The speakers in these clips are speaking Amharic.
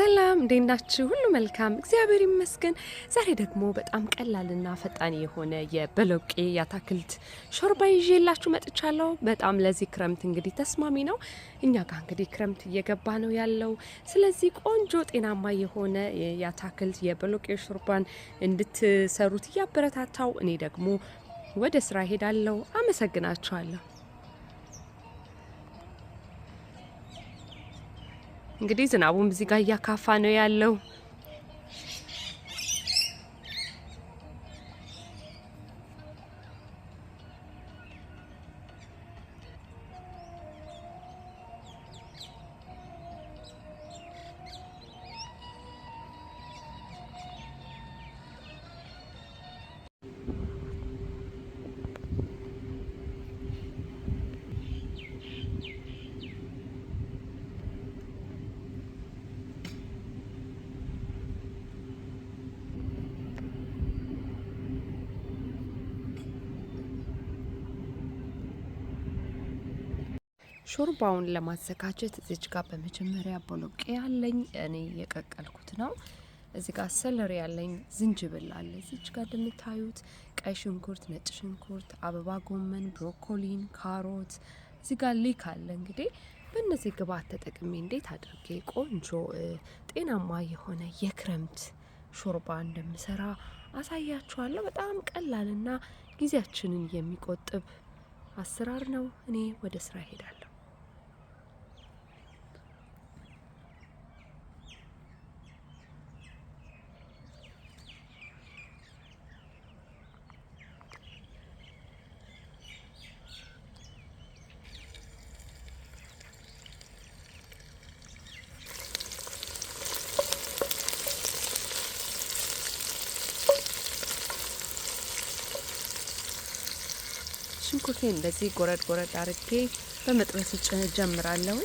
ሰላም እንዴት ናችሁ? ሁሉ መልካም እግዚአብሔር ይመስገን። ዛሬ ደግሞ በጣም ቀላልና ፈጣን የሆነ የበሎቄ የአታክልት ሾርባ ይዤላችሁ መጥቻለሁ። በጣም ለዚህ ክረምት እንግዲህ ተስማሚ ነው። እኛ ጋር እንግዲህ ክረምት እየገባ ነው ያለው። ስለዚህ ቆንጆ ጤናማ የሆነ የአታክልት የበሎቄ ሾርባን እንድትሰሩት እያበረታታው እኔ ደግሞ ወደ ስራ ሄዳለሁ። አመሰግናችኋለሁ። እንግዲህ ዝናቡም እዚህ ጋር እያካፋ ነው ያለው። ሾርባውን ለማዘጋጀት እዚች ጋር በመጀመሪያ ቦሎቄ ያለኝ እኔ የቀቀልኩት ነው። እዚህ ጋር ሰለሪ ያለኝ፣ ዝንጅብል አለ። እዚች ጋር እንደምታዩት ቀይ ሽንኩርት፣ ነጭ ሽንኩርት፣ አበባ ጎመን፣ ብሮኮሊን፣ ካሮት እዚህ ጋር ሊክ አለ። እንግዲህ በእነዚህ ግብዓት ተጠቅሜ እንዴት አድርጌ ቆንጆ ጤናማ የሆነ የክረምት ሾርባ እንደምሰራ አሳያችኋለሁ። በጣም ቀላልና ጊዜያችንን የሚቆጥብ አሰራር ነው። እኔ ወደ ስራ ይሄዳል። ሽንኩርቴ እንደዚህ ጎረድ ጎረድ አድርጌ በመጥበስ ጀምራለሁ።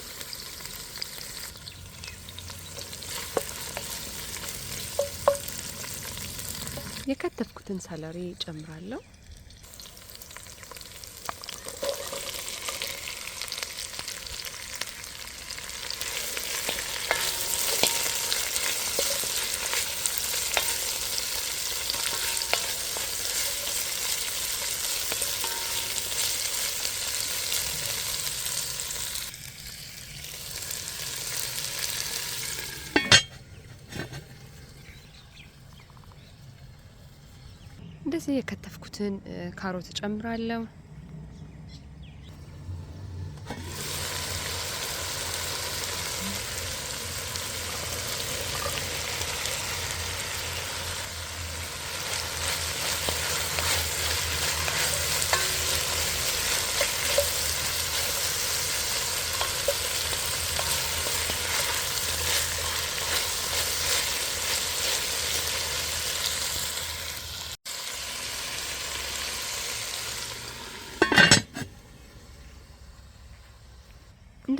የከተፍኩትን ሰለሪ ጨምራለሁ። ስለዚህ የከተፍኩትን ካሮት እጨምራለሁ።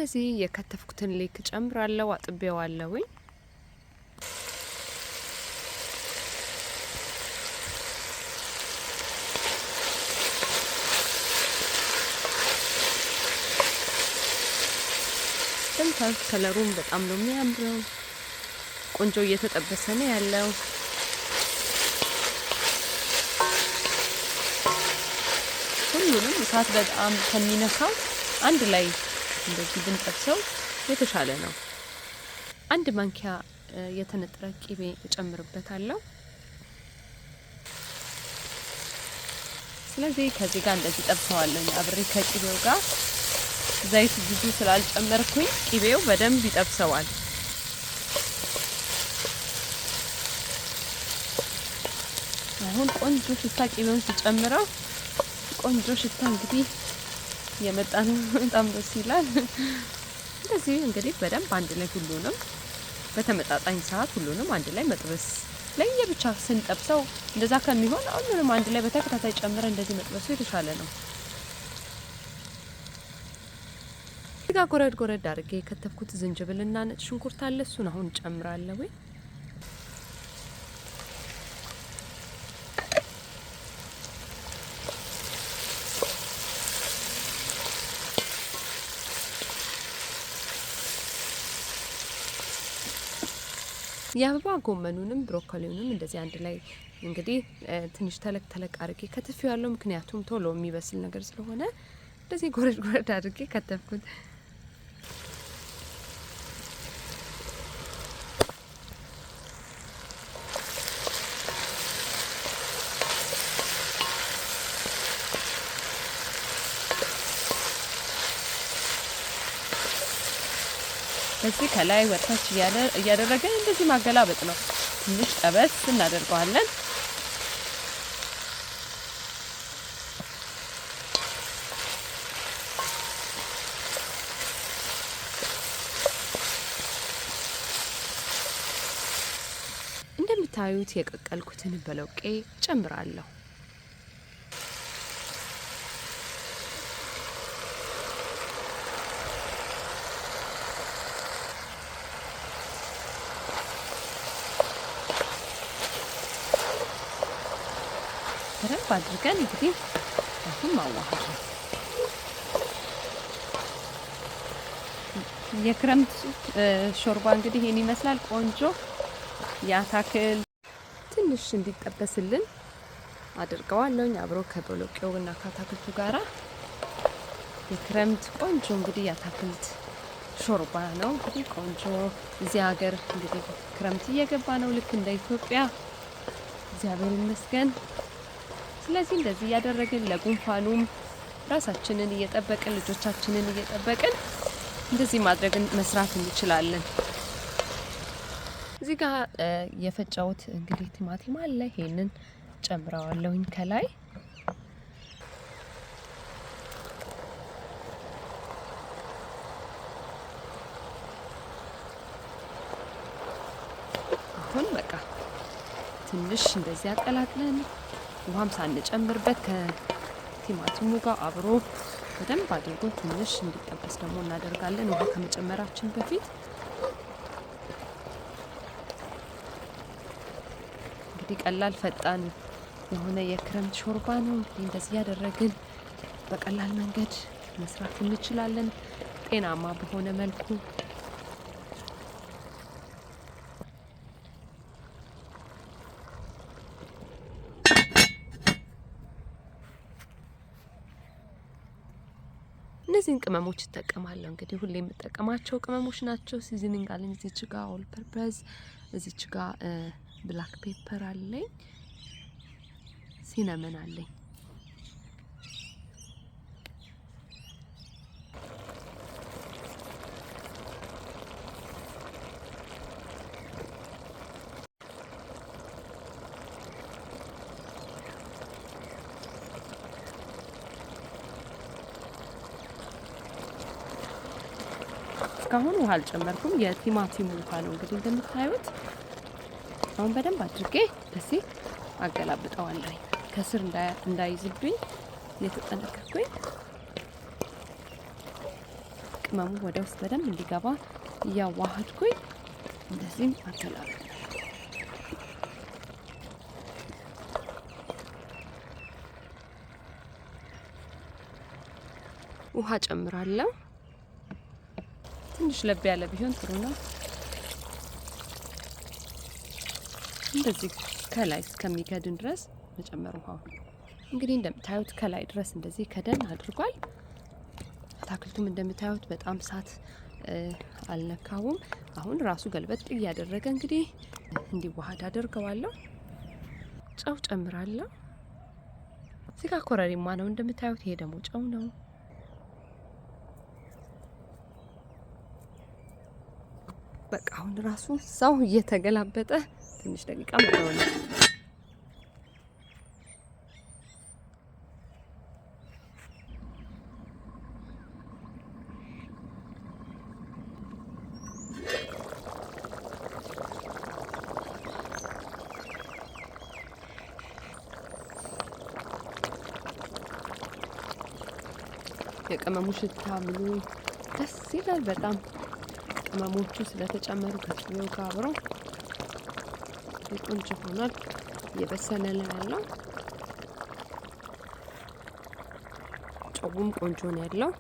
እንደዚህ የከተፍኩትን ሌክ ጨምራለሁ። አጥቤዋለሁኝ። እንደምታዩት ከለሩም በጣም ነው የሚያምረው። ቆንጆ እየተጠበሰ ነው ያለው። ሁሉንም እሳት በጣም ከሚነካው አንድ ላይ እንደዚህ ብንጠብሰው የተሻለ ነው። አንድ ማንኪያ የተነጠረ ቂቤ እጨምርበታለሁ። ስለዚህ ከዚህ ጋር እንደዚህ ጠብሰዋለሁ። አብሬ ከቂቤው ጋር ዘይት ብዙ ስላልጨመርኩኝ ቂቤው በደንብ ይጠብሰዋል። አሁን ቆንጆ ሽታ ቂቤውን ሲጨምረው ቆንጆ ሽታ እንግዲህ የመጣ ነው። በጣም ደስ ይላል። እንደዚህ እንግዲህ በደንብ አንድ ላይ ሁሉንም በተመጣጣኝ ሰዓት ሁሉንም አንድ ላይ መጥበስ ለየብቻ ስንጠብሰው እንደዛ ከሚሆን ሁሉንም አንድ ላይ በተከታታይ ጨምረ እንደዚህ መጥበሱ የተሻለ ነው። ጋ ጎረድ ጎረድ አድርጌ የከተፍኩት ዝንጅብልና ነጭ ሽንኩርት አለ። እሱን አሁን ጨምራለሁ። የአበባ ጎመኑንም ብሮኮሊውንም እንደዚህ አንድ ላይ እንግዲህ ትንሽ ተለቅ ተለቅ አድርጌ ከተፊ ያለው ምክንያቱም ቶሎ የሚበስል ነገር ስለሆነ እንደዚህ ጎረድ ጎረድ አድርጌ ከተፍኩት። እዚህ ከላይ ወታች እያደረግን እንደዚህ ማገላበጥ ነው። ትንሽ ጠበስ እናደርገዋለን። እንደምታዩት የቀቀልኩትን በለውቄ ጨምራለሁ። በደንብ አድርገን እንግዲህ አሁን ማዋሃድ ነው። የክረምት ሾርባ እንግዲህ ይህን ይመስላል። ቆንጆ የአታክል ትንሽ እንዲጠበስልን አድርገዋለሁኝ አብሮ እና ከአታክልቱ ጋራ የክረምት ቆንጆ እንግዲህ የአታክልት ሾርባ ነው። እንግዲህ ቆንጆ እዚህ ሀገር እንግዲህ ክረምት እየገባ ነው ልክ እንደ ኢትዮጵያ። እግዚአብሔር ይመስገን። ስለዚህ እንደዚህ እያደረግን ለጉንፋኑም ራሳችንን እየጠበቅን ልጆቻችንን እየጠበቅን እንደዚህ ማድረግን መስራት እንችላለን። እዚህ ጋር የፈጫሁት እንግዲህ ቲማቲም አለ። ይሄንን ጨምረዋለሁኝ ከላይ አሁን በቃ ትንሽ እንደዚህ አቀላቅለን ውሃም ሳንጨምርበት ከቲማቲሙ ጋር አብሮ በደንብ አድርጎ ትንሽ እንዲጠበስ ደግሞ እናደርጋለን። ውሃ ከመጨመራችን በፊት እንግዲህ ቀላል ፈጣን የሆነ የክረምት ሾርባ ነው። እንግዲህ እንደዚህ ያደረግን በቀላል መንገድ መስራት እንችላለን ጤናማ በሆነ መልኩ እነዚህን ቅመሞች እጠቀማለሁ። እንግዲህ ሁሌ የምጠቀማቸው ቅመሞች ናቸው። ሲዝኒንግ አለኝ እዚች ጋ ኦል ፐርፐዝ፣ እዚች ጋ ብላክ ፔፐር አለኝ፣ ሲነመን አለኝ። እስካሁን ውሃ አልጨመርኩም። የቲማቲሙ ውሃ ነው እንግዲህ እንደምታዩት። አሁን በደንብ አድርጌ ደሴ አገላብጠዋለኝ ከስር እንዳይዝብኝ እየተጠነቀቅኩኝ ቅመሙ ወደ ውስጥ በደንብ እንዲገባ እያዋህድኩኝ እንደዚህም አገላብጥ ውሃ ጨምራለሁ። ትንሽ ለብ ያለ ቢሆን ጥሩ ነው። እንደዚህ ከላይ እስከሚከድን ድረስ መጨመር ውሃው እንግዲህ እንደምታዩት ከላይ ድረስ እንደዚህ ከደን አድርጓል። አታክልቱም እንደምታዩት በጣም ሳት አልነካውም። አሁን ራሱ ገልበጥ እያደረገ እንግዲህ እንዲዋሃድ አደርገዋለሁ። ጨው ጨምራለሁ። ስጋ ኮረሪማ ነው እንደምታዩት። ይሄ ደግሞ ጨው ነው። በቃ አሁን ራሱ ሰው እየተገላበጠ ትንሽ ደቂቃ መሆነ የቅመሙ ሽታ ደስ ይላል በጣም። ቅመሞቹ ስለተጨመሩ ከስጋው ጋር አብረው ቆንጆ ሆኗል። እየበሰለ ነው ያለው። ጨውም ቆንጆ ነው ያለው።